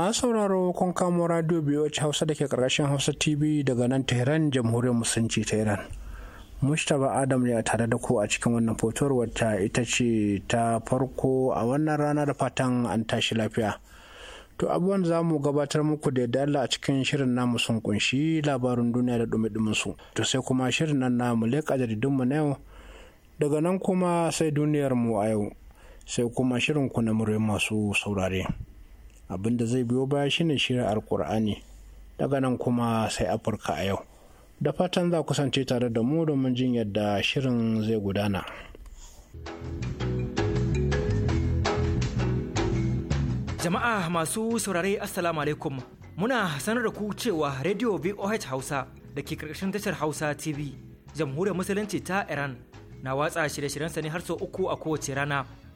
masu sauraro kun kamo radio biyu hausa da ke karkashin hausa tv daga nan tehran jamhuriyar musulunci ta iran mustapha adam ne a tare da ku a cikin wannan fotowar wata ita ce ta farko a wannan rana da fatan an tashi lafiya to abubuwan za mu gabatar muku da yadda Allah a cikin shirin namu sun kunshi labarin duniya da dumi dumin su to sai kuma shirin nan namu leƙa jaridunmu na yau daga nan kuma sai duniyar mu a yau sai kuma shirin ku na masu saurare. abin da zai biyo baya shine shirin alkur'ani daga nan kuma sai afirka a yau da fatan za kusance tare da mu domin jin yadda shirin zai gudana jama'a masu saurare assalamu alaikum muna sanar da ku cewa radio voh hausa da ke karkashin tashar hausa tv jamhuriyar musulunci ta iran na watsa shirye shiryen sani har sau uku a kowace rana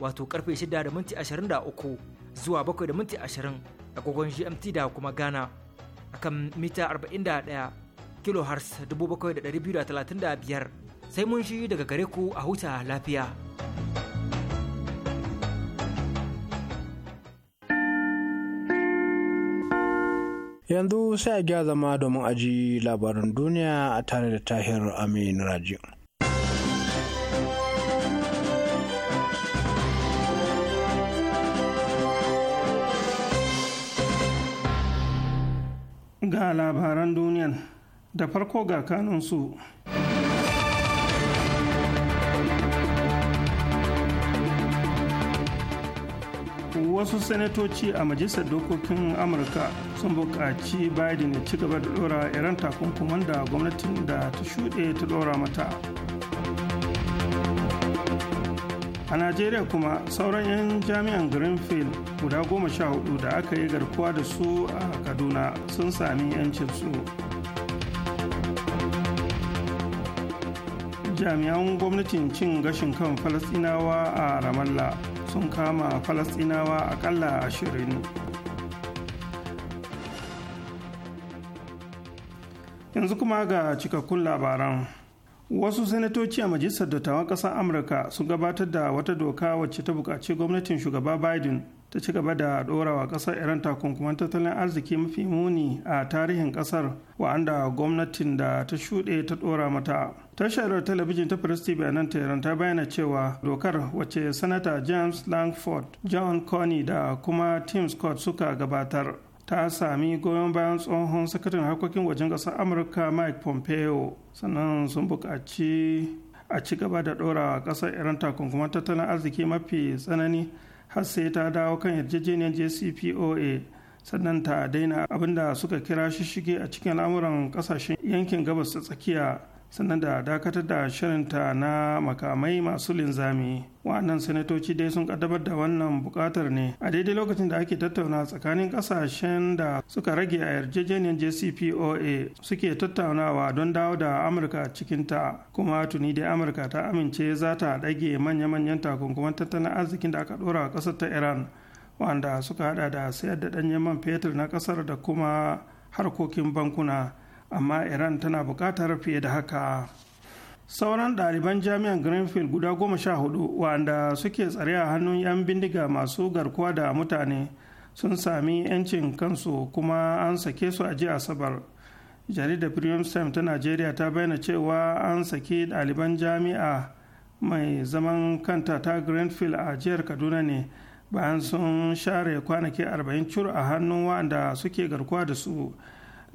wato karfe 6 da minti 23 zuwa 7 da minti 20 agogon GMT da kuma Ghana akan mita 41 kilohertz 7,235 sai mun shi daga gare ku a huta lafiya. Yanzu sai a gyara zama domin aji labarin duniya a tare da Tahir Amin Raji. ga labaran duniyar da farko ga kanunsu wasu sanatoci a majalisar dokokin amurka sun buƙaci biden ya ci gaba da ɗora iran takunkuman da gwamnatin da ta shuɗe ta ɗora mata a najeriya kuma sauran 'yan jami'an greenfield guda goma sha hudu da aka yi garkuwa da su a kaduna sun sami 'yancin su jami'an gwamnatin cin gashin kan falasinawa a ramallah sun kama falasinawa akalla ashirin yanzu kuma ga cikakkun labaran wasu sanatoci a majalisar dattawan ƙasar amurka sun gabatar da wata doka wacce ta buƙaci gwamnatin shugaba biden ta ci gaba da ɗorawa ƙasar iran takunkuman tattalin arziki mafi muni a tarihin ƙasar wa'anda gwamnatin da ta shuɗe ta ɗora mata tashar talabijin ta firisti bayanan tehran ta bayyana cewa dokar wacce sanata james langford john coney da kuma tim scott suka gabatar ta sami goyon bayan tsohon sakataren harkokin wajen ƙasar amurka mike pompeo sannan sun buƙaci a ci gaba da ɗora ƙasar iran takunkuman tattalin arziki mafi tsanani har sai ta dawo kan yarjejeniyar jcpoa sannan ta daina abinda suka kira shi shige a cikin al'amuran ƙasashen yankin gabas ta tsakiya sannan da dakatar da shirinta na makamai masu linzami wa'annan sanatoci dai sun kaddamar da wannan bukatar ne a daidai lokacin da ake tattauna tsakanin ƙasashen da suka rage a yarjejeniyar jcpoa suke tattaunawa don dawo da amurka cikinta kuma tuni dai amurka ta amince za ta ɗage manya-manyan takunkuman tattalin arzikin da aka ɗora a ƙasar ta iran wanda suka haɗa da sayar da ɗanyen man fetur na ƙasar da kuma harkokin bankuna amma iran tana buƙatar fiye da haka sauran ɗaliban jami'an greenfield guda goma sha hudu wanda suke tsare a hannun 'yan bindiga masu garkuwa da mutane sun sami 'yancin kansu kuma an sake su a jiya asabar jaridar premium ta nigeria ta bayyana cewa an saki ɗaliban jami'a mai zaman kanta ta greenfield a jihar kaduna ne bayan sun share kwanaki 40 cur a hannun wa'anda suke garkuwa da su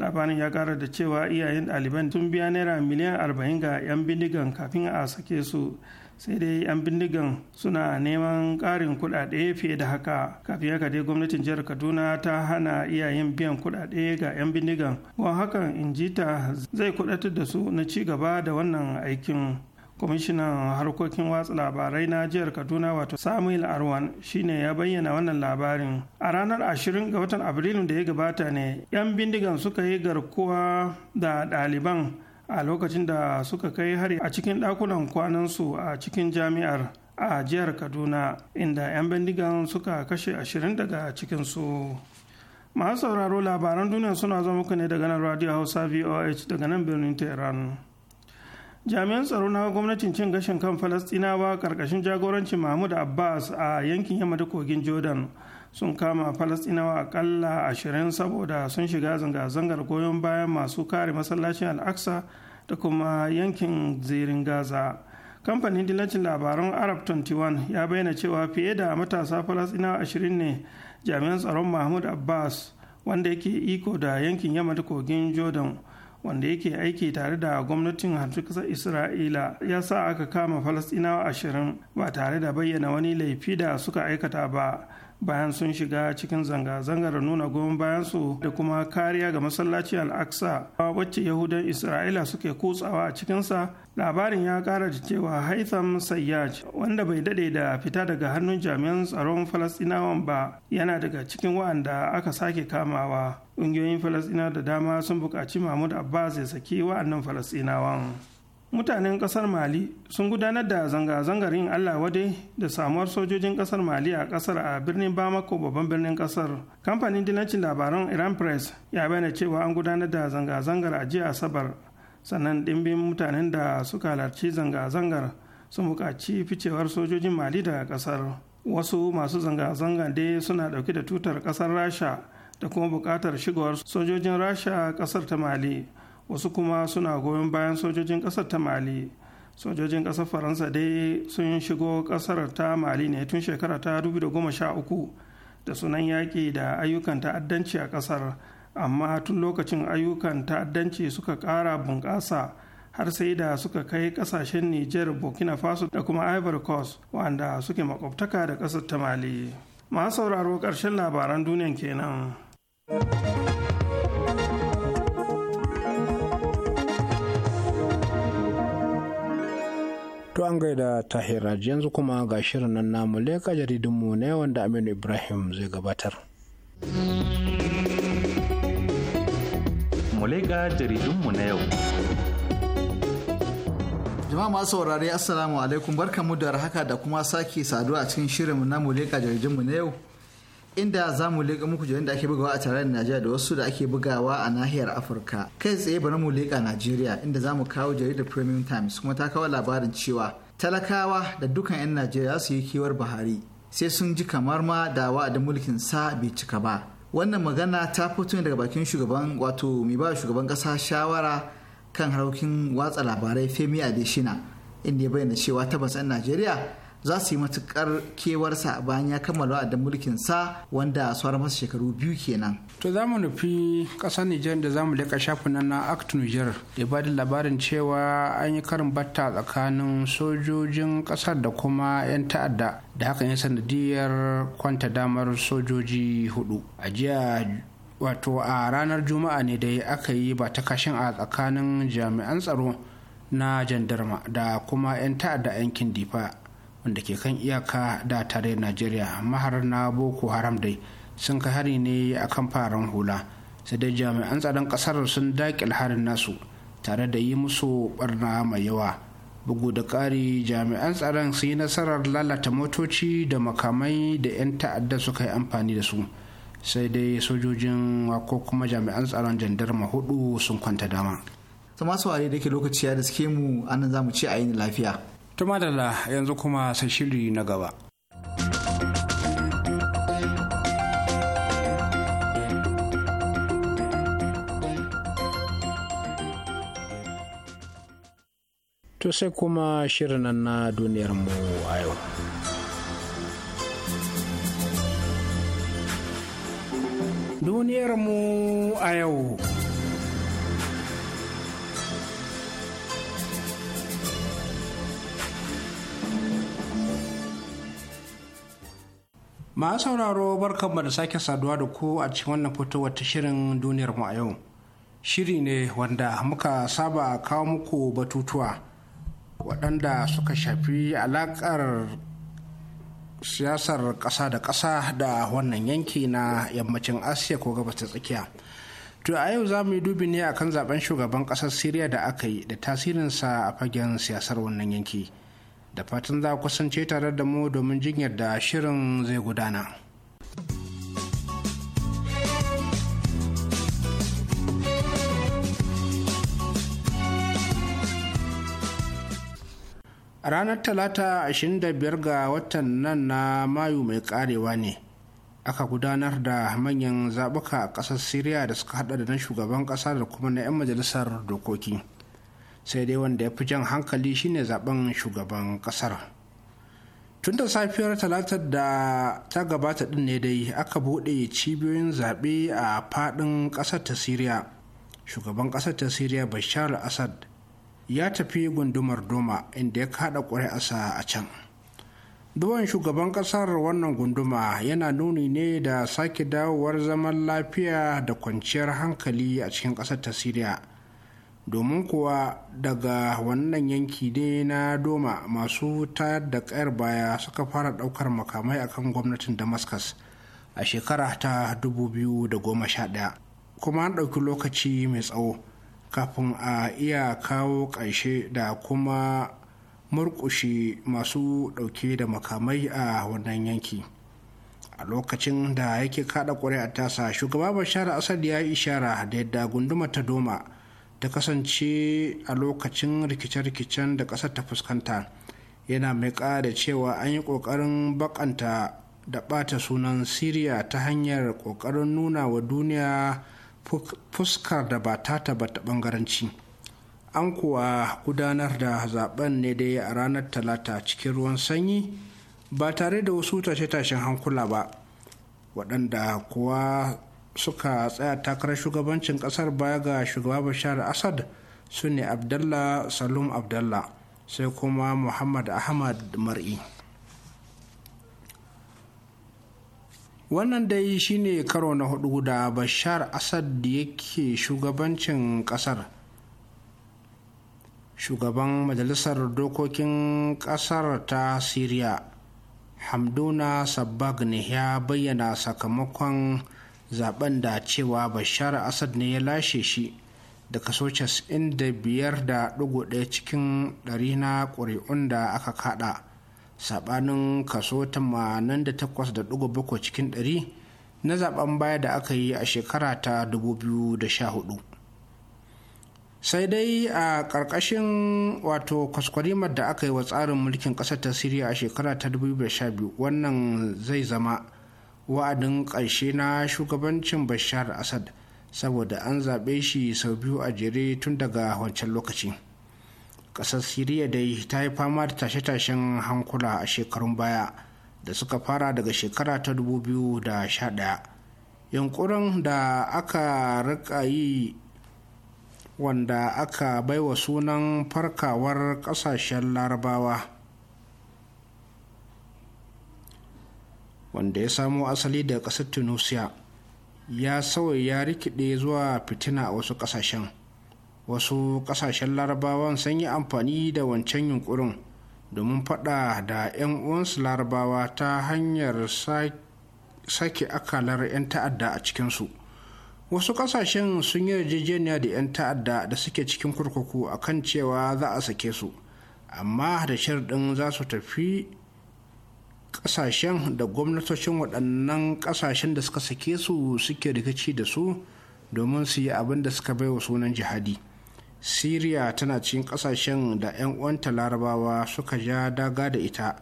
labarin ya kara da cewa iyayen ɗaliban sun biya naira miliyan arba'in ga 'yan bindigan kafin a sake su sai dai 'yan bindigan suna neman ƙarin kuɗaɗe fiye da haka kafin haka dai gwamnatin jihar kaduna ta hana iyayen biyan kuɗaɗe ga 'yan bindigan wa hakan injita zai kuɗatar da su na ci gaba da wannan aikin kwamishinan harkokin watsa labarai na jihar kaduna wato samuel arwan shine ya bayyana wannan labarin a ranar 20 ga watan abrilun da ya gabata ne 'yan bindigan suka yi garkuwa da ɗaliban a lokacin da suka kai hari a cikin ɗakunan kwanansu a cikin jami'ar a jihar kaduna inda 'yan bindigan suka kashe 20 daga cikinsu masu sauraro labaran duniya suna zama muku ne daga nan radio hausa voh daga nan birnin tehran jami'an tsaro na gwamnatin cin gashin kan falastinawa karkashin jagorancin mahmud abbas a yankin yamma da kogin jordan sun kama falastinawa akalla ashirin saboda sun shiga zanga-zangar goyon bayan masu kare masallacin al'aksa da kuma yankin zirin gaza kamfanin dillacin labaran arab 21 ya bayyana cewa fiye da matasa falastinawa ashirin ne jami'an tsaron mahmud abbas wanda yake iko da yankin yamma da kogin jordan wanda yake aiki tare da gwamnatin harfi kasar isra'ila ya sa aka kama falasɗinawa ashirin ba tare da bayyana wani laifi da suka aikata ba bayan sun shiga cikin zanga-zangar nuna goyon bayansu da kuma kariya ga masallaci al'aksa wacce yahudan isra'ila suke kutsawa a cikinsa labarin ya kara da cewa haitham sayyaj wanda bai dade da fita daga hannun jami'an tsaron falastinawan ba yana daga cikin wa'anda aka sake kamawa ƙungiyoyin falastinawa da dama sun buƙaci mahmud abbas ya saki wa'annan falastinawan mutanen kasar mali sun gudanar da zanga-zangar yin allah wade da samuwar sojojin kasar mali a kasar a birnin bamako babban birnin kasar kamfanin dinancin labaran iran press ya bayyana cewa an gudanar da zanga-zangar a jiya asabar sannan dimbin mutanen da suka halarci zanga-zangar sun buƙaci ficewar sojojin mali daga kasar wasu masu zanga zangar dai suna ɗauke da tutar kasar rasha da kuma buƙatar shigowar sojojin rasha kasar ta mali wasu kuma suna goyon bayan sojojin ƙasar ta mali sojojin ƙasar faransa dai sun shigo ƙasar ta mali ne tun shekara ta 2013 da sunan yaƙi da ayyukan ta'addanci a ƙasar amma tun lokacin ayyukan ta'addanci suka ƙara bunƙasa har sai da suka kai ƙasashen niger burkina faso da kuma ivory coast wanda suke makwabtaka da ƙasar ta mali masu sauraro ƙarshen labaran duniyan kenan. To an gaida Tahir yanzu kuma ga shirin nan namu leka jaridunmu na yawan Aminu Ibrahim zai gabatar. Muleka jaridunmu na yau. Jama'a masu saurari Assalamu alaikum barkamu da haka da kuma sake saduwa a cikin shirin na Muleka jaridunmu na yau. inda za mu leƙa muku jiran da ake bugawa a tarayyar Najeriya da wasu da ake bugawa a nahiyar Afirka. Kai tsaye bari mu leƙa Najeriya inda za mu kawo jaridar Premium Times kuma ta kawo labarin cewa talakawa da dukan 'yan Najeriya su yi kewar Buhari sai sun ji kamar ma da wa'adin mulkin sa bai cika ba. Wannan magana ta fito ne daga bakin shugaban wato mai ba shugaban ƙasa shawara kan harkokin watsa labarai Femi Adesina inda ya bayyana cewa tabbas 'yan Najeriya za su yi matukar kewarsa bayan ya kammala wa'adin mulkin sa wanda sauran masa shekaru biyu kenan. To za mu nufi ƙasar Nijar da za mu leƙa shafin na Act Nijar da ba da labarin cewa an yi karin batta tsakanin sojojin ƙasar da kuma 'yan ta'adda da hakan ya sanadiyar kwanta damar sojoji hudu. A jiya wato a ranar Juma'a ne da aka yi ba ta kashin a tsakanin jami'an tsaro na jandarma da kuma 'yan ta'adda yankin Difa wanda ke kan iyaka da tarayyar najeriya mahar na boko haram dai sun kai hari ne a kan fararen hula sai dai jami'an tsaron kasar sun daƙil harin nasu tare da yi musu barna mai yawa bugu da ƙari jami'an tsaron su yi nasarar lalata motoci da makamai da 'yan ta'adda suka yi amfani da su sai dai sojojin ko kuma jami'an tsaron jandarma hudu sun kwanta dama. Tama saurari da ke lokaci ya da suke mu anan zamu mu ce a yi lafiya. la, yanzu kuma sai shiri na gaba. To sai kuma shirin na duniyarmu a yau. Duniyarmu a yau. Ma sauraro ba da sake saduwa da ku a cikin wannan foto ta shirin duniyar mu a yau. Shiri ne wanda muka saba kawo muku batutuwa waɗanda suka shafi alaƙar siyasar ƙasa da ƙasa da wannan yanki na yammacin Asiya ko gabas ta tsakiya. To a yau za mu yi dubi ne akan zaben shugaban ƙasar Siriya da aka yi da tasirinsa a fagen siyasar wannan yanki. da fatan za kusance kusance tare da mu domin jinyar da shirin zai gudana. A ranar Talata 25 ga watan nan na Mayu mai karewa ne, aka gudanar da manyan zaɓuka a ƙasar Siriya da suka haɗa da na shugaban ƙasa da kuma na 'yan majalisar dokoki. sai dai wanda ya fi jan hankali shine zaben shugaban kasar tun da safiyar talatar da ta gabata din ne dai aka buɗe cibiyoyin zaɓe a faɗin ƙasar ta siriya shugaban ƙasar ta siriya bashar Asad. ya tafi gundumar doma inda ya kaɗa ƙuri'arsa a can Duwan shugaban kasar wannan gunduma yana nuni ne da sake dawowar zaman lafiya da kwanciyar hankali a cikin ƙasar ta Siriya domin kuwa daga wannan yanki ne na doma masu tayar da kayar baya suka fara ɗaukar makamai akan gwamnatin damascus a shekara ta 2011 kuma an ɗauki lokaci mai tsawo kafin a iya kawo ƙarshe da kuma murƙushe masu ɗauke da makamai a wannan yanki a lokacin da yake kada ƙuri'a tasa shugaba bashar asad ya yi ishara da yadda gunduma ta doma Da kasance a lokacin rikice-rikicen da ƙasar ta fuskanta yana mai da cewa an yi ƙoƙarin bakanta da ɓata sunan siriya ta hanyar ƙoƙarin nuna wa duniya fuskar da ba ta ta ɓangaranci an kuwa gudanar da zaben ne dai a ranar talata cikin ruwan sanyi ba tare da wasu tashe-tashen hankula ba waɗanda kuwa suka tsaya takarar shugabancin kasar baya ga shugaba bashar asad su ne abdallah salum abdallah sai kuma muhammad ahmad mar'i wannan dai shine karo na hudu da bashar asad da yake shugabancin kasar shugaban majalisar dokokin kasar ta syria hamduna sabbag ne ya bayyana sakamakon zaben da cewa bashar asad ne ya lashe shi da kaso 95.1 cikin 100 na ƙuri'un da aka kada saɓanin kaso 88.7 cikin ɗari na zaben baya da aka yi a shekara ta 2014 sai dai a ƙarƙashin wato kwaskwarimar da aka yi wa tsarin mulkin ƙasar ta siriya a shekara ta 2012 wannan zai zama wa'adin ƙarshe na shugabancin bashar asad saboda an zaɓe shi sau biyu a jere tun daga wancan lokaci ƙasar siriya dai ta yi fama da tashe-tashen hankula a shekarun baya da suka fara daga shekara ta 2011 yunkurin da aka rika yi wanda aka baiwa sunan farkawar ƙasashen larabawa wanda ya samo asali daga ƙasar tunisia ya sauya ya rikide zuwa fitina a wasu ƙasashen wasu ƙasashen larabawan sun yi amfani da wancan yunkurin domin faɗa da 'yan uwansu larabawa ta hanyar sake akalar 'yan ta'adda a cikinsu wasu ƙasashen sun yi yarjejeniya da 'yan ta'adda da suke cikin kurkuku akan cewa za a sake su amma da sharɗin za su tafi kasashen da gwamnatocin waɗannan kasashen da suka sake su suke rikici da su domin su yi abin da suka baiwa sunan jihadi syria tana cikin kasashen da 'yan uwanta larabawa suka ja daga da ita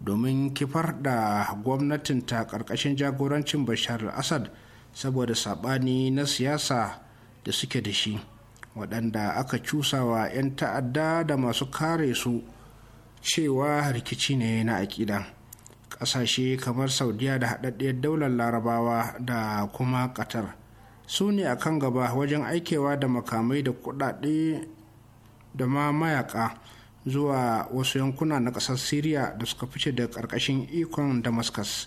domin kifar da gwamnatinta ƙarƙashin jagorancin bashar al-assad saboda saɓani na siyasa da suke da shi waɗanda aka cusawa 'yan ta'adda da masu kare su cewa rikici ne na aƙida kasashe kamar saudiya da haɗaɗɗiyar daular larabawa da kuma qatar su ne a kan gaba wajen aikewa da makamai da kuɗaɗe da ma mayaka zuwa wasu yankuna na ƙasar syria da suka fice da ƙarƙashin ikon damascus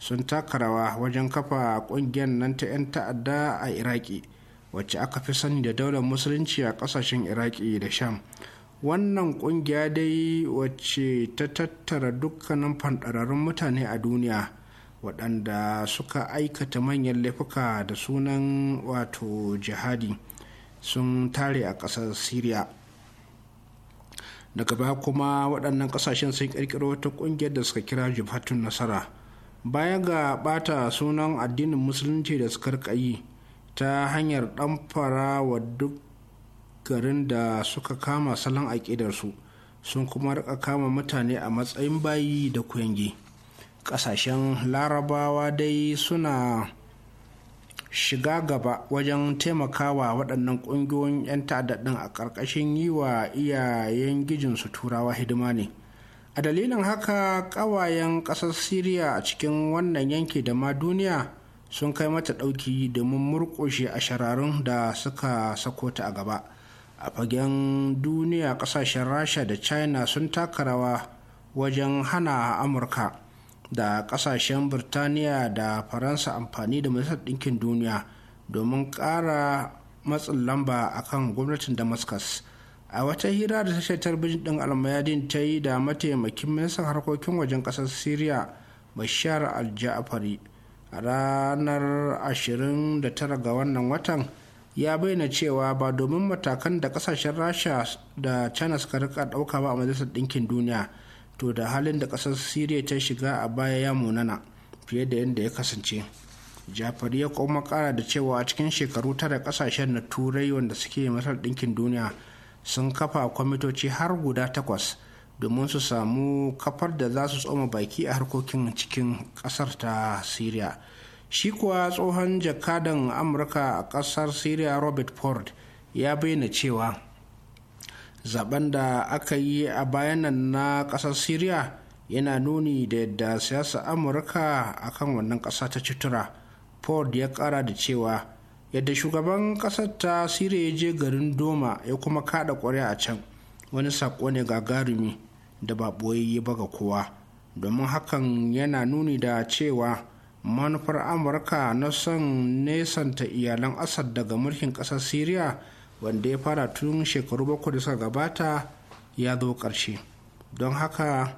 sun taka rawa wajen kafa ƙungiyar nan ta 'yan ta'adda a iraki wacce aka fi sani da daular musulunci a ƙasashen iraki da sham wannan kungiya dai wacce ta tattara dukkanin fandararrun mutane a duniya waɗanda suka aikata manyan laifuka da sunan wato jihadi sun tare a ƙasar syria daga baya kuma waɗannan ƙasashen sun ƙirƙiro wata ƙungiyar da suka kira jibhatun nasara baya ga ɓata sunan addinin musulunci da suka yi ta hanyar ɗamfara wa duk garin da suka kama salon aƙidarsu sun kuma rika kama mutane a matsayin bayi da kuyangi ƙasashen larabawa dai suna shiga gaba wajen taimakawa waɗannan ƙungiyoyin 'yan ta'addaɗin a ƙarƙashin yi wa iyayen gijinsu turawa hidima ne a dalilin haka ƙawayen ƙasar siriya a cikin wannan yanki da ma duniya sun kai mata ɗauki domin murƙushe a shararun da suka sako a gaba a fagen duniya kasashen rasha da china sun taka rawa wajen hana amurka da kasashen birtaniya da faransa amfani da majalisar ɗinkin duniya domin ƙara matsin lamba a kan gwamnatin damascus a wata hira da tashar talbijin ɗin almayadin ta yi da mataimakin ministan harkokin wajen ƙasar syria bashar al-ja'afari a ranar 29 ga wannan watan ya bayyana cewa ba domin matakan da kasashen rasha da china suka rika dauka ba a majalisar ɗinkin duniya to da halin da ƙasar syria ta shiga a baya ya munana fiye da yadda ya kasance jafar ya kuma kara da cewa a cikin shekaru tara kasashen na turai wanda suke masar ɗinkin duniya sun kafa kwamitoci har guda takwas domin su samu kafar da za su tsoma baki a harkokin cikin ƙasar ta syria shi kuwa tsohon jakadan amurka a ƙasar syria robert ford ya bayyana cewa zaben da aka yi a bayanan na ƙasar syria yana nuni da yadda siyasa amurka a kan wannan ƙasa ta cutura ford ya ƙara da cewa yadda shugaban ƙasar ta syria ya je garin doma ya kuma kada ƙwarya a can wani sako ne gagarumi da ba ɓoyayye ba ga kowa domin hakan yana nuni da cewa manufar amurka na son nesanta iyalan asad daga mulkin ƙasar syria wanda ya fara tun shekaru bakwai da suka gabata ya zo ƙarshe don haka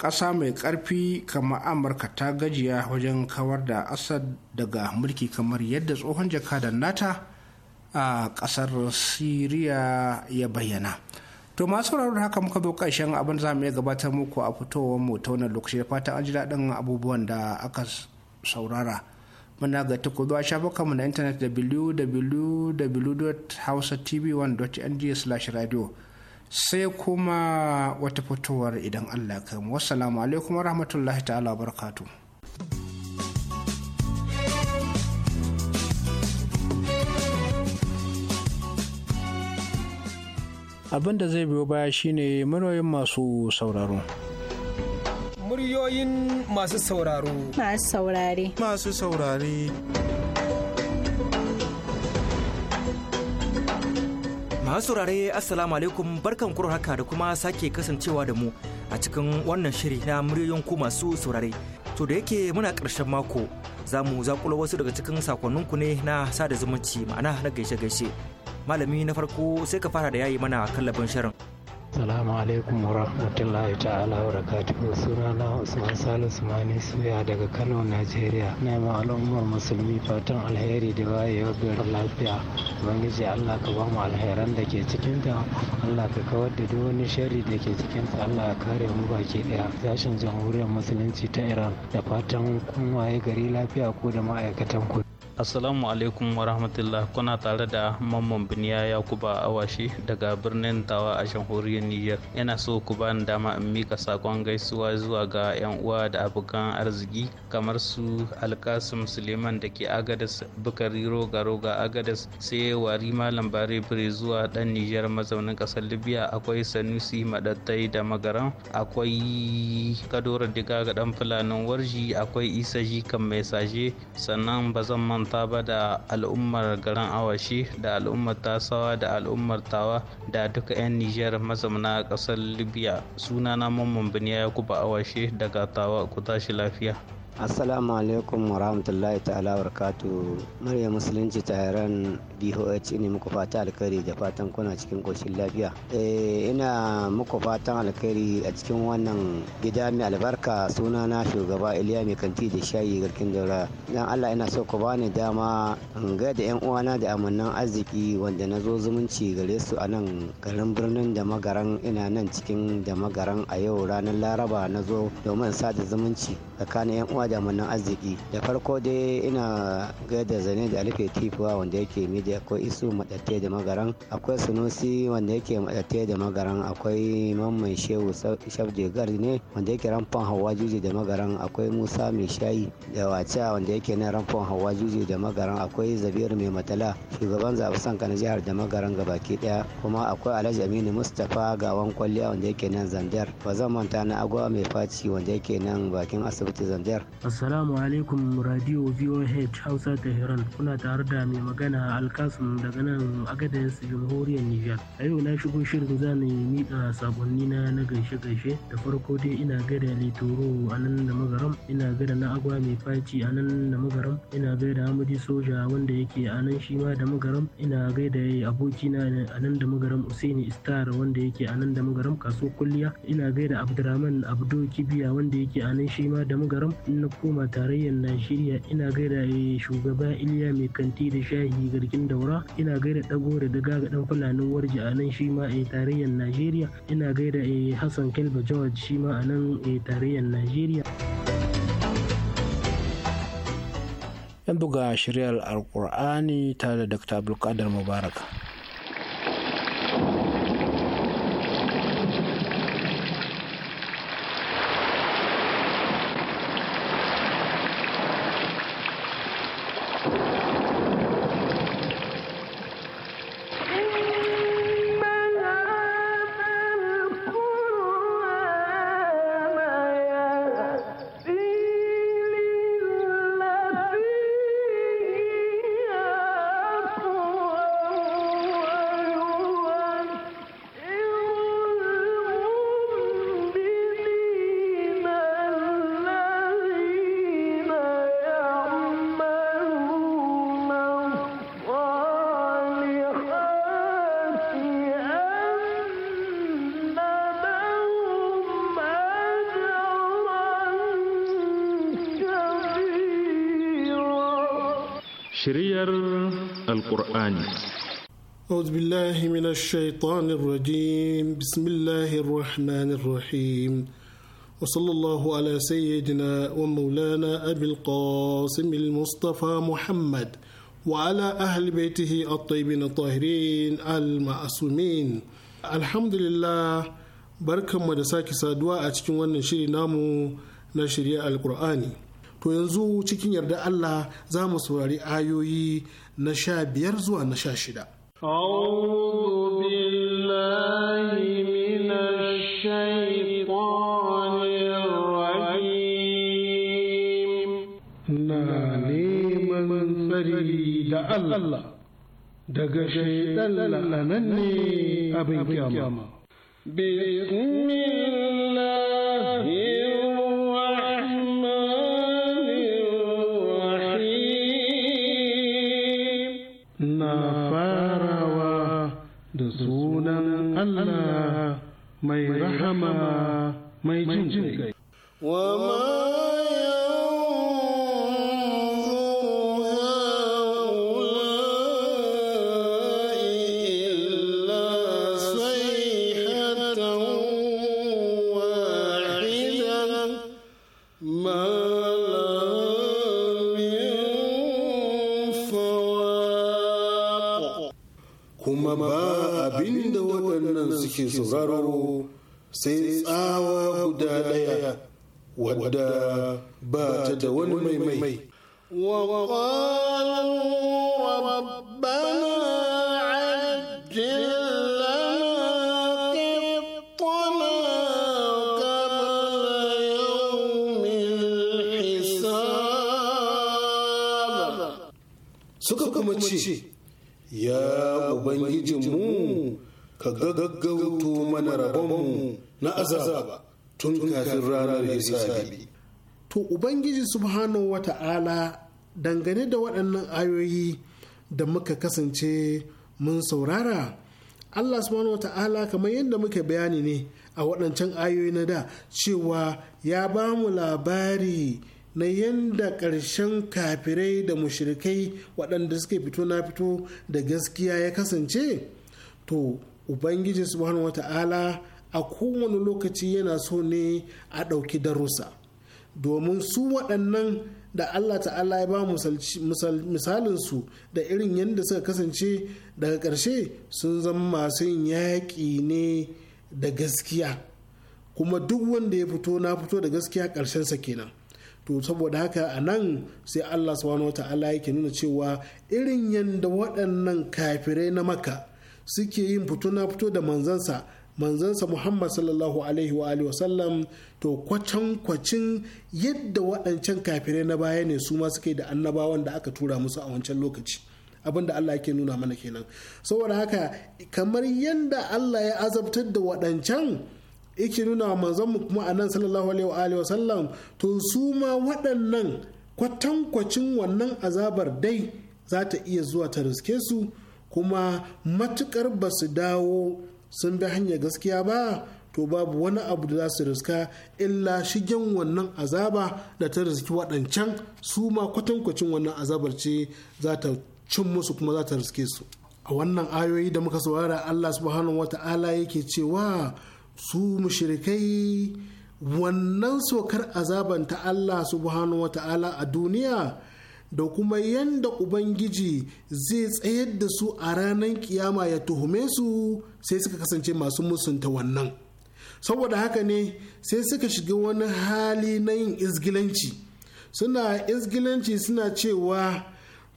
ƙasa mai ƙarfi kamar amurka ta gajiya wajen kawar da asad daga mulki kamar yadda tsohon jakadan nata a ƙasar syria ya bayyana to masu da haka muka zo ƙarshen abin za mu iya gabatar muku a fitowar mu ta wannan lokaci da fatan an ji daɗin abubuwan da aka saurara muna ga tuku zuwa mu na intanet www.hausatv1.ng/radio sai kuma wata fitowar idan allah ya kai mu wassalamu alaikum warahmatullahi ta'ala barakatuh abin da zai biyo baya shine muryoyin masu sauraro muryoyin masu sauraro masu saurare masu saurare masu saurare assalamu alaikum barkan kuro haka da kuma sake kasancewa da mu a cikin wannan shiri na muryoyin ku masu saurare to da yake muna ƙarshen mako za mu zakulo wasu daga cikin sakonninku ne na sada zumunci ma'ana na gaishe-gaishe malami na farko sai ka fara da yayi mana kallabin shirin Salamu alaikum wa rahmatullahi ta'ala wa rakatuhu sunana Usman Salisu Mani Suya daga Kano, Najeriya. Na ma al'ummar musulmi fatan alheri da wayewa biyar lafiya. Ubangiji Allah ka ba mu alheran da ke cikinta, Allah ka kawar da duk wani shari da ke cikinta, Allah ya kare mu baki daya. Sashen jamhuriyar musulunci ta Iran da fatan kun waye gari lafiya ko da ma'aikatan ku. Assalamu alaikum wa rahmatullah kuna tare da mamman biniya Yakuba Awashi daga birnin Tawa a jamhuriyar Niger. Yana so ku bani dama in mika sakon gaisuwa zuwa ga 'yan uwa da abokan arziki kamar su Alkasim Suleiman da ke Agadas Bukari Roga Roga Agadas sai Wari Malam Bare Bire zuwa dan Niger mazaunin kasar Libya akwai Sanusi Madattai da Magaran akwai Kadora Diga ga dan Fulanin Warji akwai Isa Jikan Mai sannan ba zan manta manta ba da al'ummar garin awashi da al'ummar tasawa da al'ummar tawa da duka 'yan nijar mazauna ƙasar libya sunana mamman biniya ya kuba awashe daga tawa ku tashi lafiya assalamu alaikum wa rahmatullahi ta'ala wa barakatu murya musulunci taron boh ne muku fata alkhairi da fatan kuna cikin koshin lafiya eh, ina muku fatan alkhairi a cikin wannan gida mai albarka suna na shugaba iliya mai kanti da shayi garkin daura dan allah ina so ku bani dama in ga da yan uwana da amannan arziki wanda na zo zumunci gare su a nan garin birnin da magaran ina nan cikin da magaran a yau ranar laraba na zo domin sada zumunci tsakanin yan uwa uwa da arziki da farko dai ina gaida zane da alife tifuwa wanda yake media akwai isu madatte da magaran akwai sunusi wanda yake madatte da magaran akwai mamman shehu shabde gar ne wanda yake ramfan hawa juji da magaran akwai musa mai shayi da wacha wanda yake na ramfan hawa juji da magaran akwai zabiru mai matala shugaban zabusan kana jihar da magaran gabaki daya kuma akwai alhaji aminu mustapha gawan kwalliya wanda yake nan zandar ba zan manta na agwa mai faci wanda yake nan bakin asibiti zandar Assalamu alaikum radio VOH Hausa Tehran kuna tare da mai magana Alkasum daga nan Agadez Jamhuriyar Nijar. A yau na shigo shirin za ni miƙa sakonni na na gaishe-gaishe da farko dai ina gada Litoro a nan da magaram ina gada na agwa mai faci a nan da magaram ina gaida amadi Soja wanda yake a nan shi ma da magaram ina gaida abokina a nan da magaram Usaini Star wanda yake a nan da magaram kaso kulliya ina gaida Abdurrahman Abdo Kibiya wanda yake a nan shi ma da magaram na koma tarayyar najeriya ina gaida eh, shugaba iliya mai kanti da shahi garkin daura ina gaida dago da daga ga dan fulanin warji a nan shi ma a eh, tarayyar najeriya ina gaida eh, hassan kelba george shi ma a nan tarayyar najeriya yan buga shiryar alkur'ani tare da dr abdulkadir mubarak alkur'ani أعوذ بالله من الشيطان الرجيم بسم الله الرحمن الرحيم وصلى الله على سيدنا ومولانا أبي القاسم المصطفى محمد وعلى أهل بيته الطيبين الطاهرين المعصومين الحمد لله barkan mu da sake saduwa a cikin wannan shiri namu na shirya alkur'ani to yanzu cikin yarda Allah za mu saurari ayoyi na sha biyar zuwa na sha shida. أعوذ بالله من الشيطان neman نانيمن da daga shaidan lalanan ne abin kyama. Allah mai rahama mai jin kai. wadda ba ta da wani maimai وقالوا ربنا عجل suka kuma ce ya ubangijinmu ka gaggauto mana rabonmu na azaba tun kafin ranar hisabi to ubangiji subhanahu wa ta'ala, dangane da waɗannan ayoyi da muka kasance mun saurara allah subhanahu ta'ala kamar yadda muka bayani ne a waɗancan ayoyi na da cewa ya ba mu labari na yadda ƙarshen kafirai da mushirikai waɗanda suke fito na fito da gaskiya ya kasance to ubangiji subhanahu wa ta'ala. a kowane lokaci yana so ne a ɗauki darussa domin su waɗannan da Allah ta'ala ya ba misalin su da irin yadda suka kasance daga ƙarshe sun zama masu yin yaƙi ne da gaskiya kuma duk wanda ya fito na fito da gaskiya ƙarshensa kenan to saboda haka a nan sai Allah subhanahu ta'ala yake nuna cewa irin yadda waɗannan kafirai na maka suke yin fito na fito da manzansa manzansa muhammad sallallahu alaihi wa alihi wasallam to kwacan kwacin yadda waɗancan kafirai na baya ne su ma suke da annabawan da aka tura musu a wancan lokaci abin da Allah yake nuna mana kenan saboda haka kamar yadda Allah ya azabtar da waɗancan yake nuna wa mu kuma nan sallallahu alaihi wa sallam to su ma waɗannan kwatankwacin wannan azabar dai za ta iya zuwa ta riske su kuma matukar ba su dawo sun bi hanya gaskiya ba to babu wani abu da za su riska illa shigen wannan azaba da ta riski waɗancan su ma kwatankwacin wannan azabar ce za ta cin musu kuma za ta riske su a wannan ayoyi da muka saurara Allah subhanahu wata'ala yake cewa su mushrikai wannan sokar azaban ta Allah subhanahu wata'ala a duniya da kuma yadda ubangiji zai tsayar da su a ranar kiyama ya tuhume su sai suka kasance masu musunta wannan saboda haka ne sai suka shiga wani hali na yin izgilanci suna izgilanci suna cewa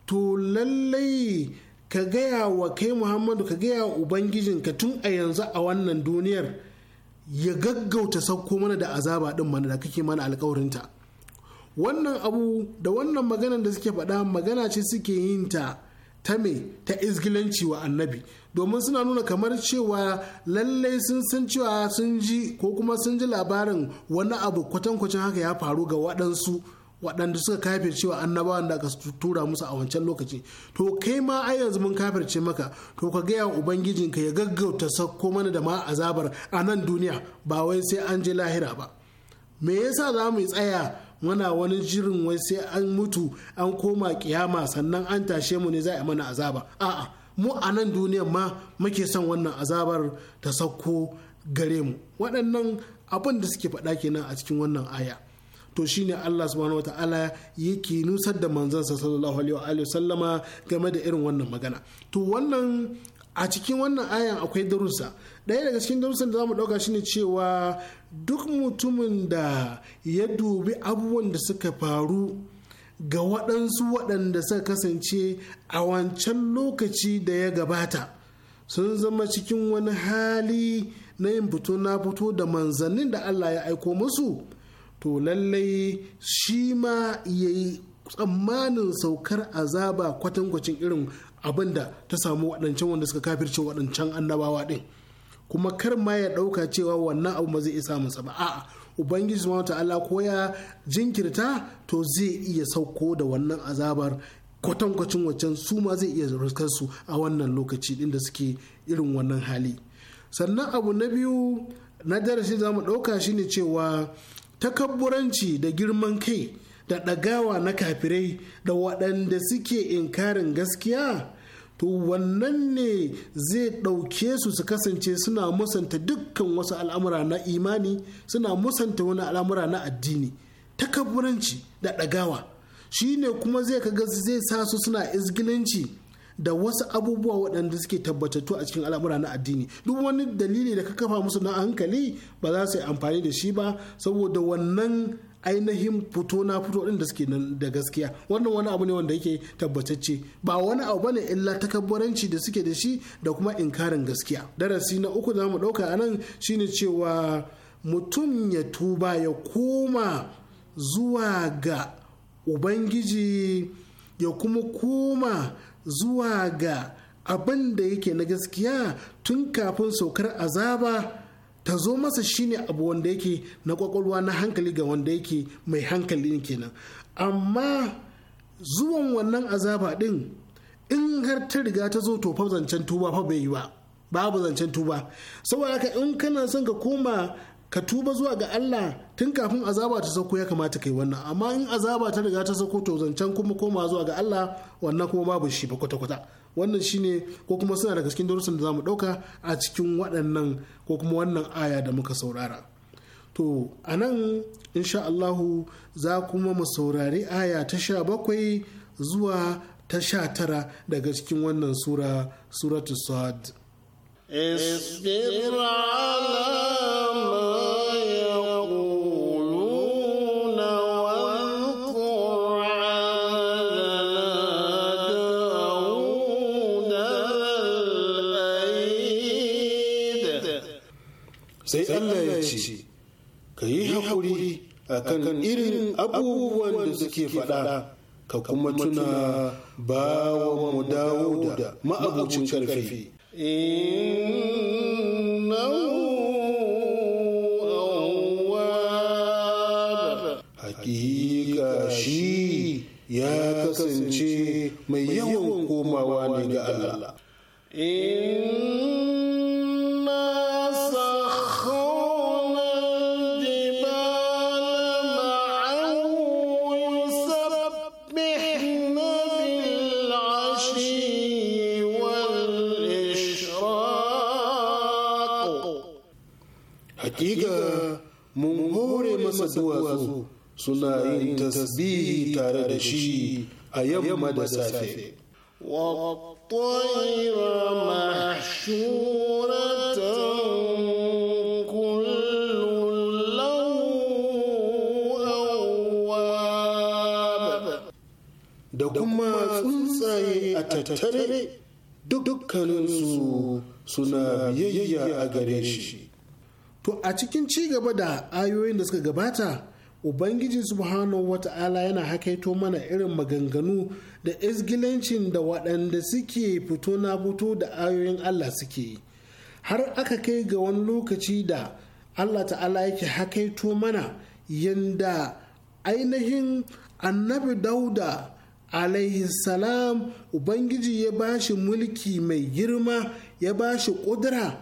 to lallai ka gaya wa kai muhammadu ka gaya wa Ubangijin ka tun a yanzu a wannan duniyar ya gaggauta sauko mana da azaba din mana da kake mana alkawarinta wannan abu da wannan maganan da suke faɗa magana ce suke yin ta ta me ta izgilanci wa annabi domin suna nuna kamar cewa lallai sun san cewa sun ji ko kuma sun ji labarin wani abu kwatankwacin haka ya faru ga waɗansu waɗanda suka kafirce wa annabawan da aka tura musu a wancan lokaci to kai ma ai yanzu mun kafirce maka to ka gaya wa ubangijinka ya gaggauta sakko mana da ma azabar a nan duniya ba wai sai an je lahira ba me yasa za mu tsaya muna wani jirin wai sai an mutu an koma kiyama sannan an tashe mu ne za a mana azaba a'a mu a nan duniyan ma muke son wannan azabar ta sauko gare mu waɗannan abin da suke faɗa kenan a cikin wannan aya to shine Allah subhanahu Ta'ala yake nusar da manzansa sallallahu alaihi wa sallama game da irin wannan magana to wannan a cikin wannan ayan akwai darussa ɗaya daga cikin darussan da za mu ɗauka shine cewa duk mutumin da ya dubi abubuwan da suka faru ga waɗansu waɗanda suka kasance a wancan lokaci da ya gabata sun zama cikin wani hali na yin fito na fito da manzannin da Allah ya aiko musu to lallai shi ma ya yi tsammanin saukar azaba kwatankwacin irin abin da ta samu waɗancan wanda suka kafirce waɗancan annabawa ɗin kuma kar ma ya ɗauka cewa wannan abu ba zai isa masa ba a'a ubangiji subhanahu ta'ala ko ya jinkirta to zai iya sauko da wannan azabar kwatankwacin waccan su ma zai iya ruskar su a wannan lokaci ɗin da suke irin wannan hali sannan abu na biyu na darasi za mu ɗauka shine cewa takabburanci da girman kai da ɗagawa na kafirai da waɗanda suke inkarin gaskiya to wannan ne zai ɗauke su su kasance suna musanta dukkan wasu al'amura na imani suna musanta wani al'amura na addini takabburanci da ɗagawa shi ne kuma zai kaga zai sa su suna izgilanci da wasu abubuwa waɗanda suke tabbatattu a cikin al'amura na addini duk wani dalili da ka kafa musu na hankali ba za su yi amfani da shi ba saboda wannan ainihin fito na fito din da suke da gaskiya wannan wani abu ne wanda yake tabbatacce ba wani abu bane illa takabbaranci da suke da shi da kuma inkarin gaskiya darasi na uku da mu dauka anan shine cewa mutum ya tuba ya koma zuwa ga ubangiji ya kuma koma zuwa ga abin da yake na gaskiya tun kafin saukar azaba ta zo masa shine abu wanda yake na kwakwalwa na hankali ga wanda yake mai hankali ne kenan amma zuwan wannan azaba din in har ta riga ta zo to fa zancen tuba fa bai yi ba babu zancen tuba saboda haka in kana son ka koma ka tuba zuwa ga Allah tun kafin azaba ta sauko ya kamata kai wannan amma in azaba ta riga ta sauko to zancen kuma koma zuwa ga Allah wannan kuma babu shi ba kwata-kwata wannan shine ko kuma suna daga cikin darussan da zamu dauka a cikin waɗannan ko kuma wannan aya da muka saurara to a nan insha Allahu za kuma mu saurari aya ta sha bakwai zuwa ta sha tara daga cikin wannan sura suratul sa'ad akan irin abubuwan da suke faɗa ka kuma tuna bawan mu dawo da ma'abucin karfi hakika shi ya kasance mai yawan komawa ne ga Allah. suna yin tasbihi tare da shi a yamma da safe da kuma tsuntsaye a tattare dukkaninsu suna biyayya a gare shi. To a cikin ci gaba da ayoyin da suka gabata ubangiji subhanahu wata'ala yana hakaito mana irin maganganu da izgilancin da waɗanda suke fito na fito da ayoyin allah suke yi har aka kai ga wani lokaci da allah ta'ala yake hakaito mana yanda ainihin annabi dauda alaihi salam ubangiji ya bashi mulki mai girma ya bashi kudura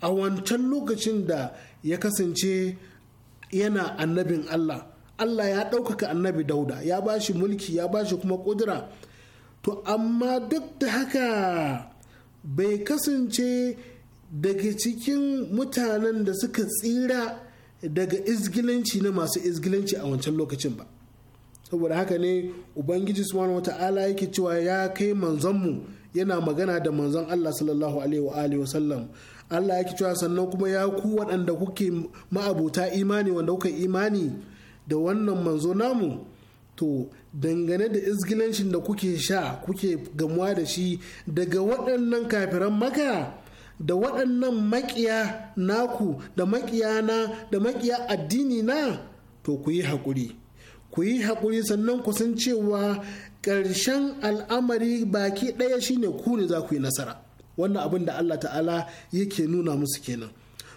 a wancan lokacin da ya kasance yana annabin Allah Allah ya ɗaukaka annabi dauda ya ba shi mulki ya ba shi kuma ƙudura to amma duk da haka bai kasance daga cikin mutanen da suka tsira daga izgilanci na masu izgilanci a wancan lokacin ba saboda haka ne ubangiji subhanahu wata'ala yake cewa ya kai manzonmu yana magana da manzon Allah sallallahu alaihi wa sallam Allah ya ki cewa sannan kuma ya ku waɗanda kuke ma'abuta imani wanda kuka imani da wannan manzo namu to dangane da izgilancin da kuke sha kuke gamuwa da shi daga waɗannan kafiran maka da waɗannan maƙiya naku da maƙiya na da maƙiya addini na to ku yi haƙuri ku yi haƙuri sannan ku san cewa ƙarshen al'amari baki ɗaya shine ku ne za ku yi nasara wannan abin da Allah ta'ala yake nuna musu kenan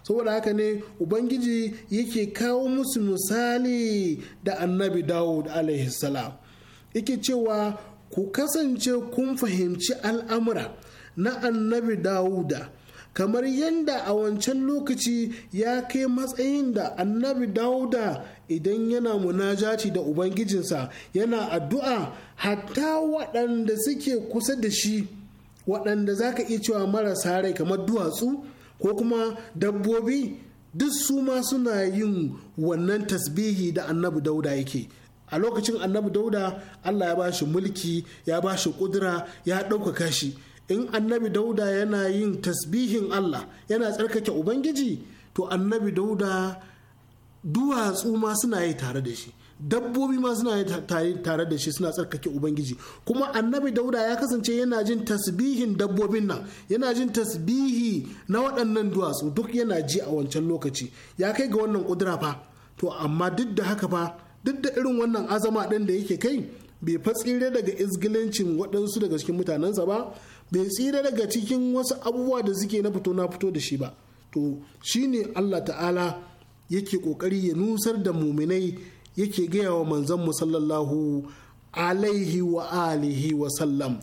saboda haka ne ubangiji yake kawo musu misali da annabi dawud alaihi salam yake cewa ku kasance kun fahimci al'amura na annabi dawuda kamar yadda a wancan lokaci ya kai matsayin da annabi Dawuda idan yana munajaci da ubangijinsa yana addu'a hatta waɗanda suke kusa da shi waɗanda za ka iya cewa marasa rai kamar duwatsu ko kuma dabbobi duk su ma suna yin wannan tasbihi da annabi dauda yake a lokacin annabi dauda allah ya ba shi mulki ya ba shi kudura ya ɗaukaka shi in annabi dauda yana yin tasbihin allah yana tsarkake ubangiji to annabi dauda duwatsu ma suna yi tare da shi dabbobi ma suna tare da shi suna tsarkake ubangiji kuma annabi dauda ya kasance yana jin tasbihin dabbobin nan yana jin tasbihi na waɗannan duwatsu duk yana ji a wancan lokaci ya kai ga wannan kudura fa to amma duk da haka fa duk da irin wannan azama ɗin da yake kai bai fa tsire daga izgilancin waɗansu daga cikin mutanensa ba bai tsire daga cikin wasu abubuwa da suke na fito na fito da shi ba to shine Allah ta'ala yake kokari ya nusar da muminai yake gaya wa manzon mu sallallahu alaihi wa alihi wa sallam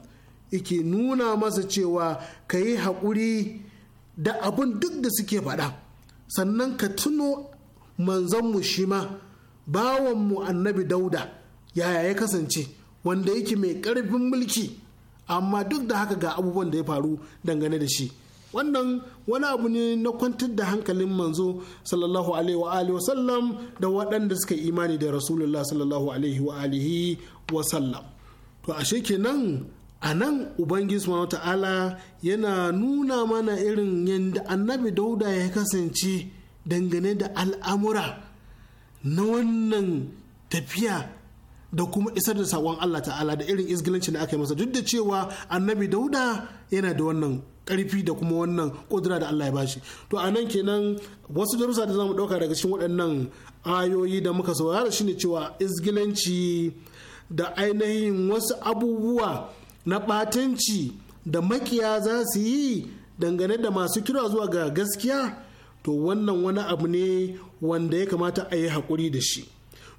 yake nuna masa cewa ka yi haƙuri da abin duk da suke faɗa sannan ka tuno manzanmu shi ma bawanmu annabi dauda yaya ya kasance wanda yake mai ƙarfin mulki amma duk da haka ga abubuwan da ya faru dangane da shi wannan wani abu ne na kwantar da hankalin manzo sallallahu alaihi wa alihi wasallam da waɗanda suka imani da rasulullah sallallahu alaihi wa alihi wasallam to ashe kenan a nan ubangiji subhanahu ta'ala yana nuna mana irin yadda annabi dauda ya kasance dangane da al'amura na wannan tafiya da kuma isar da saƙon Allah ta'ala da irin izgilancin da aka yi masa duk da cewa annabi dauda yana da wannan karfi da kuma wannan kudura da Allah ya bashi to a nan kenan wasu darussa da zamu dauka daga cikin waɗannan ayoyi da muka saurara shine cewa izgilanci da ainihin wasu abubuwa na ɓatanci da makiya za su yi dangane da masu kira zuwa ga gaskiya to wannan wani abu ne wanda ya kamata a yi haƙuri da shi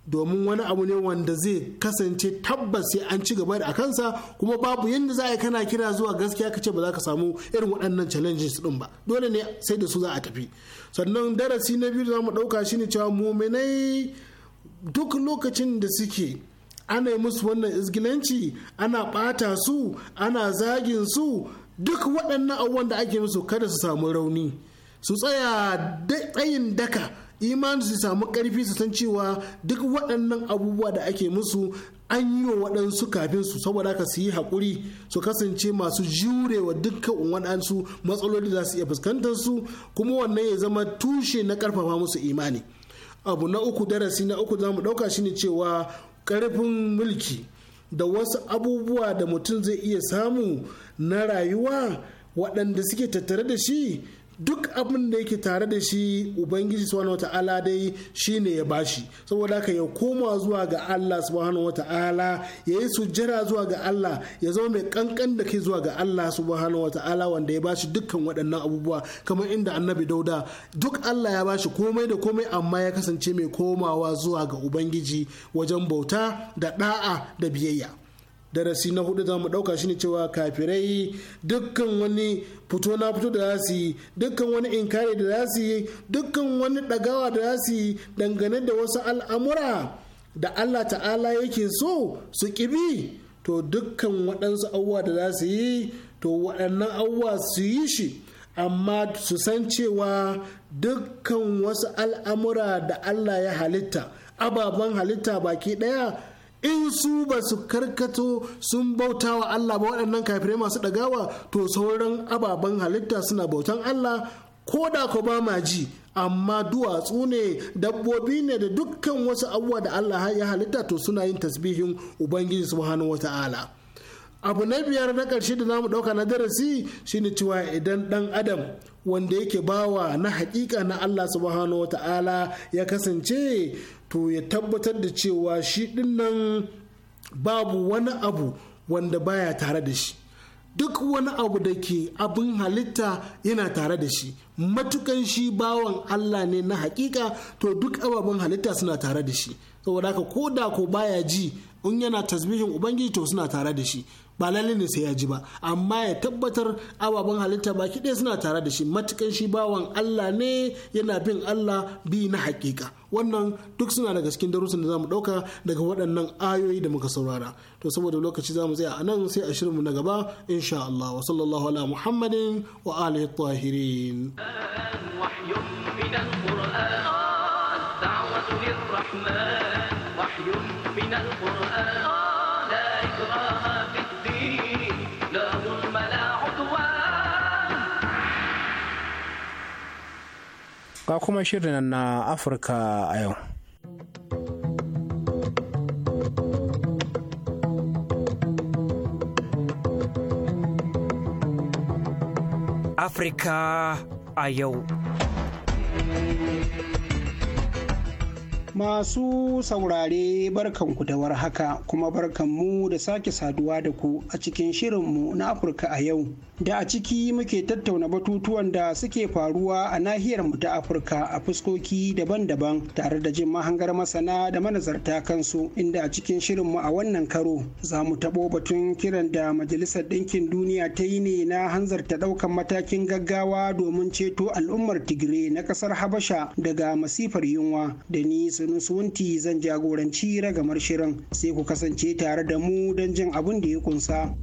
domin wani abu ne wanda zai kasance tabbas sai an ci gaba da a kansa kuma babu yadda za a yi kana kira zuwa gaskiya ka ce ba za ka samu irin waɗannan challenges din ba dole ne sai da su za a tafi sannan darasi na biyu za mu ɗauka shine cewa muminai duk lokacin da suke ana yi musu wannan izgilanci ana ɓata su ana zagin su duk waɗannan abubuwan da ake musu kada su samu rauni su tsaya tsayin daka imani su samu ƙarfi su san cewa duk waɗannan abubuwa da ake musu an yi wa waɗansu kafin su saboda ka su yi haƙuri su kasance masu jurewa dukkan waɗansu matsaloli da su iya fuskantar su kuma wannan ya zama tushe na ƙarfafa musu imani abu na uku darasi na uku za mu ɗauka shine cewa ƙarfin mulki da wasu abubuwa da mutum zai iya samu na rayuwa waɗanda suke tattare da shi duk abin da yake tare da shi ubangiji subhanahu ala dai shine ya bashi saboda haka ya koma zuwa ga Allah subhanahu ala ya yi sujjara zuwa ga Allah ya zama mai kankan da kai zuwa ga Allah subhanahu ala wanda ya bashi dukkan waɗannan abubuwa kamar inda annabi dauda duk Allah ya bashi komai da komai amma ya kasance mai komawa zuwa ga ubangiji wajen bauta da da'a da biyayya darasi na hudu za mu dauka shine cewa kafirai dukkan wani fito na fito da za yi dukkan wani inkari da za yi dukkan wani dagawa da za yi dangane da wasu al'amura da Allah ta'ala yake so su kibi to dukkan waɗansu abubuwa da za su yi to waɗannan abubuwa su yi shi amma su san cewa dukkan wasu al'amura da Allah ya halitta ababen halitta baki ɗaya in su ba su karkato sun bauta wa Allah ba waɗannan kafirai masu ɗagawa to sauran ababen halitta suna bautan Allah ko da ko ba ma ji amma duwatsu ne dabbobi ne da dukkan wasu abubuwa da Allah ya halitta to suna yin tasbihin Ubangiji subhanahu wata'ala abu na biyar na ƙarshe da zamu ɗauka na darasi shine cewa idan ɗan adam wanda yake bawa na hakika na Allah subhanahu wata'ala ya kasance to ya tabbatar da cewa shi dinnan babu wani abu wanda baya tare da shi duk wani abu da ke abin halitta yana tare da shi matukan shi bawan Allah ne na hakika to duk ababen halitta suna tare da shi saboda haka ko da ko baya ji in yana tasbihin ubangiji to suna tare da shi ba lalle ne sai ya ji ba amma ya tabbatar ababen halitta baki ɗaya suna tare da shi matukan shi bawan Allah ne yana bin Allah bi na hakika wannan duk suna daga cikin darussan da mu ɗauka daga waɗannan ayoyi da muka saurara to saboda lokaci zamu tsaya a nan sai a shirinmu na gaba insha Allah wa sallallahu ala muhammadin wa alihi tahirin wahyun min al-qur'an da'watu lirrahman ga kuma shirin na afirka a yau afirka a yau Masu saurare barkanku da haka kuma barkanmu da sake saduwa da ku a cikin shirinmu na Afirka a yau da a ciki muke tattauna batutuwan da suke faruwa a nahiyar mu ta afirka a fuskoki daban-daban tare da jin mahangar masana da manazarta kansu inda a cikin shirin mu a wannan karo za mu taɓo batun kiran da majalisar ɗinkin duniya ta yi ne na hanzarta ɗaukan matakin gaggawa domin ceto al'ummar tigire na ƙasar habasha daga masifar yunwa da ni sunusunti zan jagoranci ragamar shirin sai ku kasance tare da mu don jin abin da ya kunsa.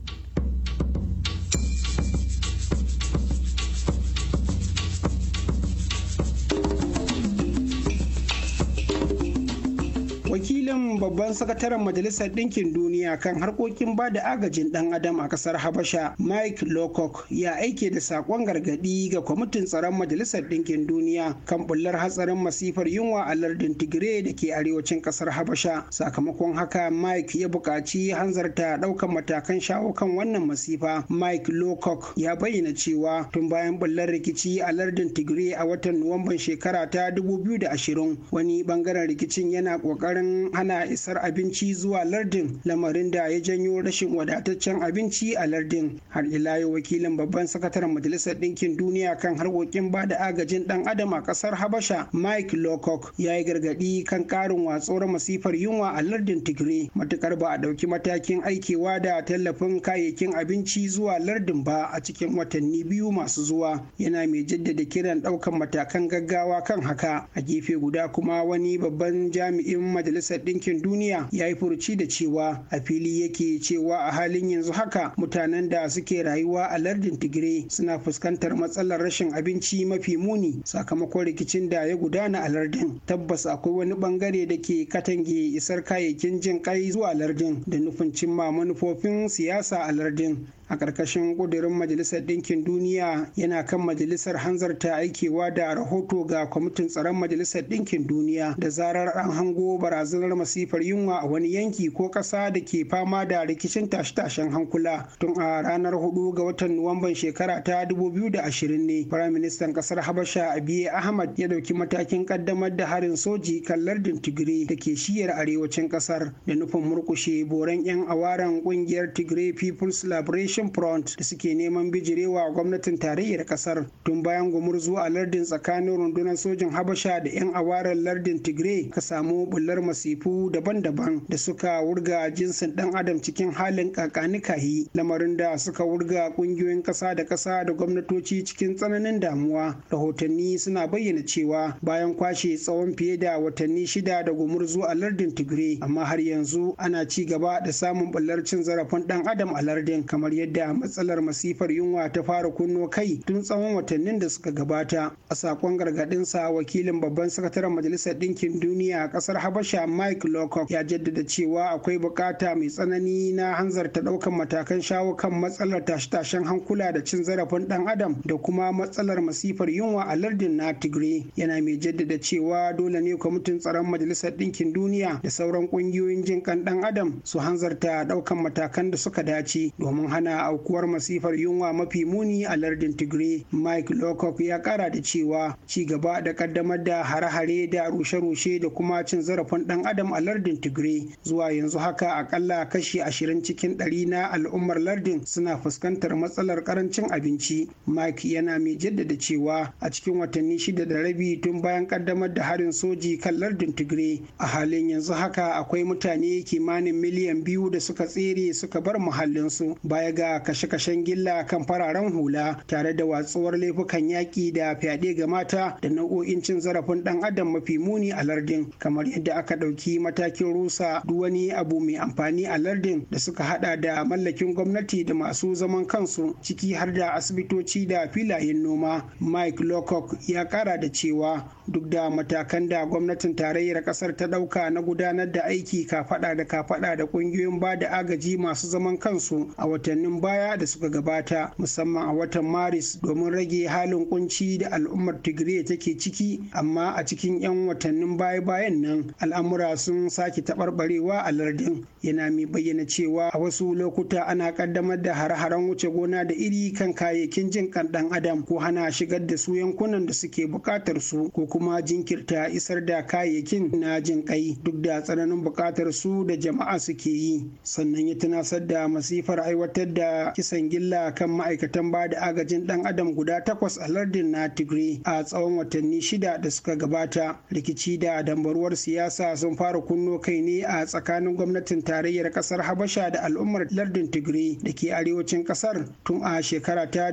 wakilin babban sakataren majalisar ɗinkin duniya kan harkokin ba da agajin ɗan adam a ƙasar habasha mike lowcock ya aike da saƙon gargaɗi ga kwamitin tsaron majalisar ɗinkin duniya kan bullar hatsarin masifar yunwa a lardin tigire da ke arewacin ƙasar habasha sakamakon haka mike ya buƙaci hanzarta ɗaukan matakan shawo kan wannan masifa mike lowcock ya bayyana cewa tun bayan bullar rikici a lardin tigire a watan nuwamban shekara ta 2020 wani ɓangaren rikicin yana ƙoƙarin hana isar abinci zuwa lardin lamarin da ya janyo rashin wadataccen abinci a lardin har ila yau wakilin babban sakataren majalisar ɗinkin duniya kan harkokin ba da agajin ɗan adam a ƙasar habasha mike lowcock ya yi gargaɗi kan ƙarin watsuwar masifar yunwa a lardin tigray matukar ba a ɗauki matakin aikewa da tallafin kayayyakin abinci zuwa lardin ba a cikin watanni biyu masu zuwa yana mai jaddada kiran ɗaukan matakan gaggawa kan haka a gefe guda kuma wani babban jami'in majalisar Dinkin duniya ya yi furuci da cewa a fili yake cewa a halin yanzu haka mutanen da suke rayuwa a lardin tigire suna fuskantar matsalar rashin abinci mafi muni sakamakon rikicin da ya gudana a lardin tabbas akwai wani bangare da ke katange isar kayayyakin jin kai zuwa lardin da nufin cimma manufofin siyasa a lardin a ƙarƙashin ƙudurin majalisar ɗinkin duniya yana kan majalisar hanzarta aikewa da rahoto ga kwamitin tsaron majalisar ɗinkin duniya da zarar an hango barazanar masifar yunwa a wani yanki ko ƙasa da ke fama da rikicin tashe-tashen hankula tun a ranar hudu ga watan nuwamban shekara ta 2020 ne firaministan ƙasar habasha biye ahmad ya ɗauki matakin ƙaddamar da harin soji kan lardin tigray da ke shiyar arewacin ƙasar da nufin murƙushe boran 'yan awaren ƙungiyar tigray people's liberation liberation front da suke neman bijirewa gwamnatin tarayyar kasar tun bayan gumurzu a lardin tsakanin rundunar sojin habasha da 'yan awarar lardin tigray ka samu bullar masifu daban-daban da suka wurga jinsin dan adam cikin halin kakanikahi lamarin da suka wurga kungiyoyin kasa da kasa da gwamnatoci cikin tsananin damuwa rahotanni suna bayyana cewa bayan kwashe tsawon fiye da watanni shida da gumurzu a lardin tigray amma har yanzu ana ci gaba da samun bullar cin zarafin dan adam a lardin kamar yadda yadda matsalar masifar yunwa ta fara kunno kai tun tsawon watannin da suka gabata a sakon gargadinsa wakilin babban sakataren majalisar ɗinkin duniya a ƙasar habasha mike lockock ya jaddada cewa akwai bukata mai tsanani na hanzarta ɗaukan matakan shawo kan matsalar tashe-tashen hankula da cin zarafin ɗan adam da kuma matsalar masifar yunwa a lardin na tigray yana mai jaddada cewa dole ne kwamitin tsaron majalisar ɗinkin duniya da sauran ƙungiyoyin jin kan ɗan adam su hanzarta ɗaukan matakan da suka dace domin hana na aukuwar masifar yunwa mafi muni a lardin tigray mike lowcock ya kara da cewa ci gaba da kaddamar da hare-hare da rushe-rushe da kuma cin zarafin dan adam a lardin tigray zuwa yanzu haka akalla kashi ashirin cikin ɗari na al'ummar lardin suna fuskantar matsalar karancin abinci mike yana mai jaddada cewa a cikin watanni shida da rabi tun bayan kaddamar da harin soji kan lardin tigray a halin yanzu haka akwai mutane kimanin miliyan biyu da suka tsere suka bar muhallinsu baya ga ga kashe-kashen gilla kan fararen hula tare da watsuwar laifukan yaƙi da fyaɗe ga mata da nau'o'in cin zarafin ɗan adam mafi muni a lardin kamar yadda aka ɗauki matakin rusa duk wani abu mai amfani a lardin da suka haɗa da mallakin gwamnati da masu zaman kansu ciki har da asibitoci da filayen noma mike lockock ya kara da cewa duk da matakan da gwamnatin tarayyar ƙasar ta ɗauka na gudanar da aiki kafaɗa da kafaɗa da ƙungiyoyin ba da agaji masu zaman kansu a watannin shekarun baya da suka gabata musamman a watan maris domin rage halin kunci da al'ummar tigray take ciki amma a cikin 'yan watannin baya-bayan nan al'amura sun sake taɓarɓarewa a lardin yana mai bayyana cewa a wasu lokuta ana ƙaddamar da har-haren wuce gona da iri kan kayayyakin jin kan dan adam ko hana shigar da su yankunan da suke bukatar su ko kuma jinkirta isar da kayayyakin na jin ƙai duk da tsananin bukatar su da jama'a suke yi sannan ya tunasar da masifar aiwatar da da kisan gilla kan ma'aikatan ba da agajin dan adam guda takwas a lardin na tigray a tsawon watanni shida da suka gabata rikici da dambaruwar siyasa sun fara kunno kai ne a tsakanin gwamnatin tarayyar kasar habasha da al'ummar lardin tigray da ke arewacin kasar tun a shekara ta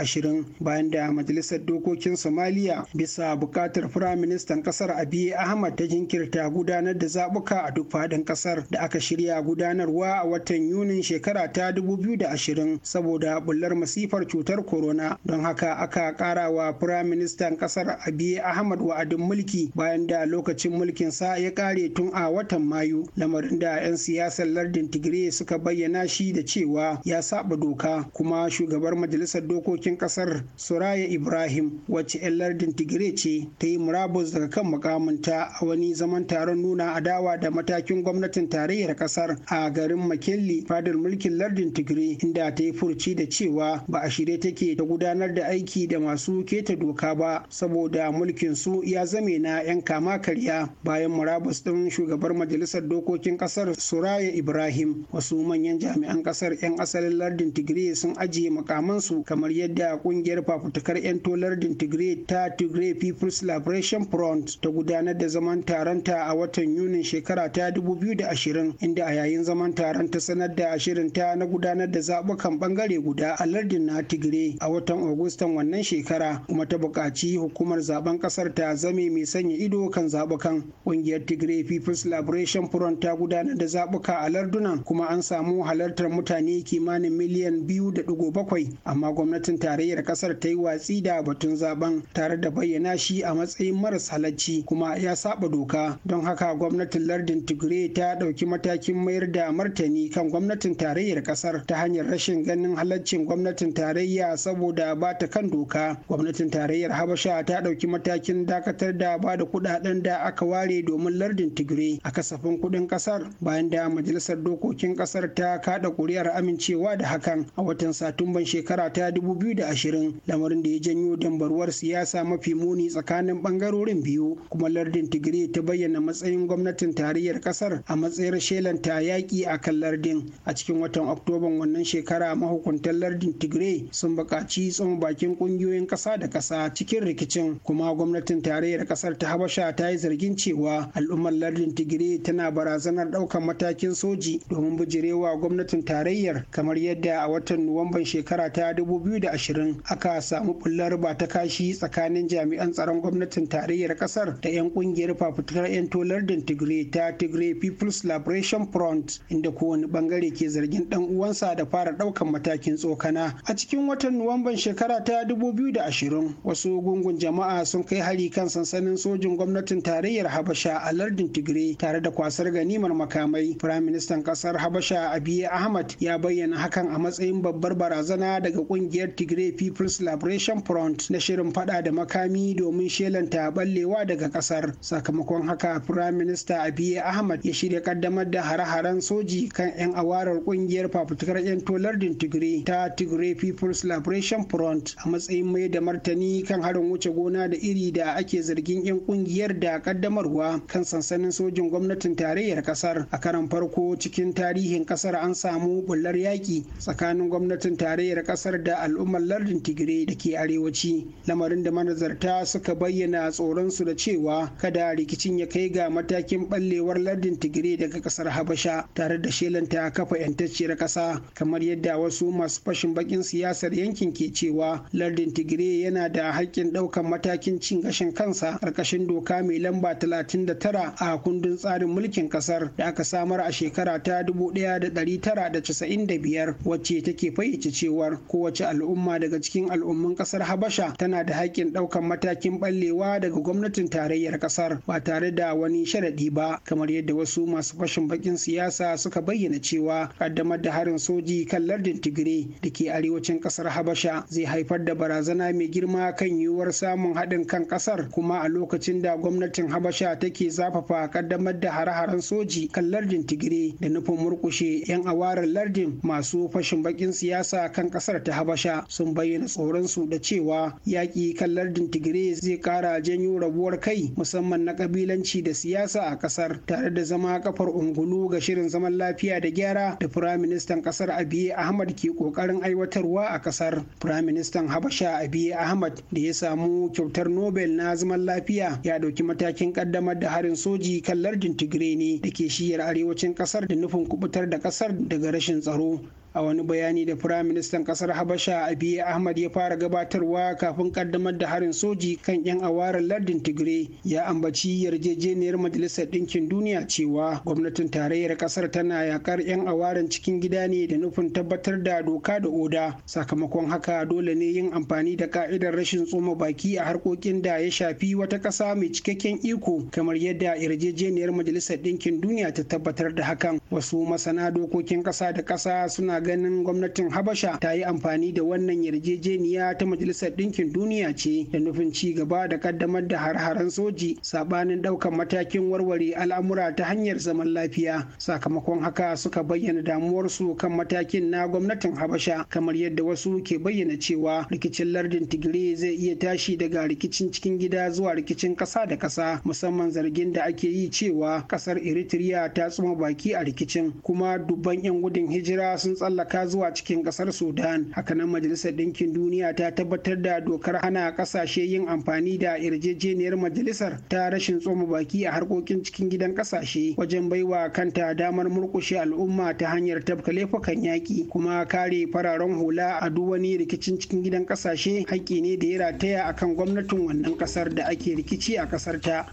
ashirin bayan da majalisar dokokin somaliya bisa bukatar firaministan kasar abiy ahmad ta jinkirta gudanar da zabuka a duk fadin kasar da aka shirya gudanarwa a watan yunin shekara ta 2020 da ashirin saboda bullar masifar cutar corona don haka aka kara wa firaministan kasar biye ahmad wa'adin mulki bayan da lokacin mulkin sa ya kare tun a watan mayu lamarin da 'yan siyasar lardin tigray suka bayyana shi da cewa ya saba doka kuma shugabar majalisar dokokin kasar suraya ibrahim wacce 'yan lardin tigray ce ta yi murabus daga kan mukaminta a wani zaman taron nuna adawa da matakin gwamnatin tarayyar kasar a garin makelli fadar mulkin lardin tigray inda ta yi furci da cewa ba a shirye take ta gudanar da aiki da masu keta doka ba saboda mulkin su ya zame na 'yan kama karya bayan murabus ɗin shugabar majalisar dokokin ƙasar suraya ibrahim wasu manyan jami'an ƙasar 'yan asalin lardin tigray sun ajiye makamansu kamar yadda ƙungiyar fafutukar 'yan to lardin tigray ta tigray people's liberation front ta gudanar da zaman taronta a watan yunin shekara ta 2020 inda a yayin zaman taron ta sanar da shirinta na gudanar da zaɓukan ɓangare guda a lardin na tigray a watan agustan wannan shekara kuma ta buƙaci hukumar zaben ƙasar ta zame mai sanya ido kan zaɓukan ƙungiyar tigray people's liberation front ta gudanar da zaɓuka a lardunan kuma an samu halartar mutane kimanin miliyan biyu da ɗigo bakwai amma gwamnatin tarayyar ƙasar ta yi watsi da batun zaben tare da bayyana shi a matsayin maras halacci kuma ya saba doka don haka gwamnatin lardin tigray ta ɗauki matakin mayar da martani kan gwamnatin tarayyar ƙasar ta hanyar rashin ganin halaccin gwamnatin tarayya saboda ba ta kan doka gwamnatin tarayyar habasha ta ɗauki matakin dakatar da ba da kuɗaɗen da aka ware domin lardin tigray a kasafin kuɗin ƙasar bayan da majalisar dokokin ƙasar ta kaɗa ƙuri'ar amincewa da hakan a watan satumban shekara ta dubu biyu da ashirin lamarin da ya janyo dambarwar siyasa mafi muni tsakanin ɓangarorin biyu kuma lardin tigray ta bayyana matsayin gwamnatin tarayyar ƙasar a matsayin shelanta yaƙi a kan lardin a cikin watan oktoban wannan shekara mahukuntar lardin tigray sun buƙaci tsoma bakin ƙungiyoyin ƙasa da ƙasa cikin rikicin kuma gwamnatin tarayyar ƙasar ta habasha ta yi zargin cewa al'ummar lardin tigray tana barazanar ɗaukar matakin soji domin bijirewa gwamnatin tarayyar kamar yadda a watan nuwamban shekara ta dubu biyu da ashirin aka samu bullar ba ta kashi tsakanin jami'an tsaron gwamnatin tarayyar ƙasar da 'yan ƙungiyar fafutukar 'yan lardin tigray ta tigray people's liberation front inda kowane bangare ke zargin dan uwansa da ta fara ɗaukan matakin tsokana a cikin watan nuwamban shekara ta 2020 wasu gungun jama'a sun kai hari kan sansanin sojin gwamnatin tarayyar habasha a lardin tigray tare da kwasar ganimar makamai firaministan Kasar habasha abiye ahmad ya bayyana hakan a matsayin babbar barazana daga kungiyar tigray people's liberation front na shirin fada da makami domin shelanta ballewa daga kasar. sakamakon haka firaminista abiye ahmad ya shirya kaddamar da hare-haren soji kan 'yan awarar ƙungiyar fafutukar to lardin tigray ta tigray people's liberation front a matsayin mai da martani kan harin wuce gona da iri da ake zargin 'yan kungiyar da kaddamarwa kan sansanin sojin gwamnatin tarayyar kasar a karan farko cikin tarihin kasar an samu bullar yaki tsakanin gwamnatin tarayyar kasar da al'ummar lardin tigray da ke arewaci lamarin da manazarta suka bayyana tsoron su da cewa kada rikicin ya kai ga matakin ɓallewar lardin tigray daga kasar habasha tare da shelanta kafa 'yantacciyar ƙasa kamar yadda wasu masu fashin bakin siyasar yankin ke cewa lardin tigray yana da haƙƙin ɗaukar matakin cin gashin kansa ƙarƙashin doka mai lamba 39 a kundin tsarin mulkin ƙasar da aka samar a shekara ta 1995 wacce take fayyace cewar kowace al'umma daga cikin al'umman ƙasar habasha tana da haƙƙin ɗaukar matakin ɓallewa daga gwamnatin tarayyar ƙasar ba tare da wani sharaɗi ba kamar yadda wasu masu fashin bakin siyasa suka bayyana cewa ƙaddamar da harin soji kan lardin tigray da ke arewacin kasar habasha zai haifar da barazana mai girma kan yiwuwar samun haɗin kan kasar kuma a lokacin da gwamnatin habasha take zafafa kaddamar da hare-haren soji kan lardin tigray da nufin murkushe 'yan awarin lardin masu fashin bakin siyasa kan kasar ta habasha sun bayyana tsoron su da cewa yaƙi kan lardin tigray zai ƙara janyo rabuwar kai musamman na kabilanci da siyasa a kasar tare da zama kafar ungulu ga shirin zaman lafiya da gyara da firaministan kasar abiy ahmad ke kokarin aiwatarwa a kasar firaministan habasha abiy ahmad da ya samu kyautar nobel na zaman lafiya ya dauki matakin kaddamar da harin soji kan lardin tigray ne da ke shiyar arewacin kasar da nufin kubutar da kasar daga rashin tsaro a wani bayani da firaministan kasar habasha abiy ahmad ya fara gabatarwa kafin kaddamar da harin soji kan yan awarar lardin tigray ya ambaci yarjejeniyar majalisar ɗinkin duniya cewa gwamnatin tarayyar kasar tana yakar yan awarin cikin gida ne da nufin tabbatar da doka da oda sakamakon haka dole ne yin amfani da ka'idar rashin tsoma baki a harkokin da ya shafi wata ƙasa mai cikakken iko kamar yadda yarjejeniyar majalisar ɗinkin duniya ta tabbatar da hakan wasu masana dokokin ƙasa da ƙasa suna ganin gwamnatin habasha ta yi amfani da wannan yarjejeniya ta majalisar ɗinkin duniya ce da nufin ci gaba da kaddamar da har-haren soji sabanin ɗaukar matakin warware al'amura ta hanyar zaman lafiya sakamakon haka suka bayyana damuwarsu kan matakin na gwamnatin habasha kamar yadda wasu ke bayyana cewa rikicin lardin tigray zai iya tashi daga rikicin cikin gida zuwa rikicin ƙasa da ƙasa musamman zargin da ake yi cewa ƙasar eritrea ta tsuma baki a rikicin kuma dubban 'yan gudun hijira sun tsala mallaka zuwa cikin kasar sudan hakanan majalisar ɗinkin duniya ta tabbatar da dokar hana ƙasashe yin amfani da yarjejeniyar majalisar ta rashin tsoma baki a harkokin cikin gidan ƙasashe wajen baiwa kanta damar murƙushe al'umma ta hanyar tabka laifukan yaƙi kuma kare fararen hula a duk wani rikicin cikin gidan ƙasashe haƙƙi ne da ya rataya akan gwamnatin wannan ƙasar da ake rikici a ƙasar ta.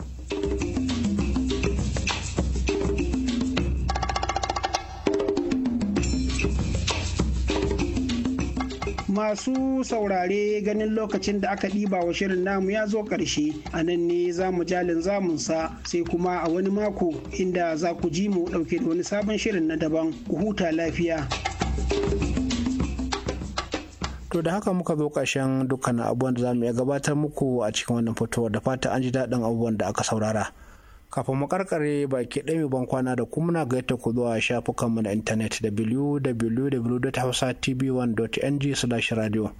masu saurare ganin lokacin da aka ɗiba wa shirin namu ya zo ƙarshe a nan ne za mu jalin zamunsa sai kuma a wani mako inda za ku ji mu ɗauke da wani sabon shirin na daban ku huta lafiya. To da haka muka zo ƙarshen dukkan abubuwan da za mu iya gabatar muku a cikin wannan fitowar da fata an ji daɗin abubuwan da aka saurara. kafin mu karkare baki ɗaya ban kwana da kuma na gaita ku zuwa shafukanmu na intanet www.hausatv1.ng/radio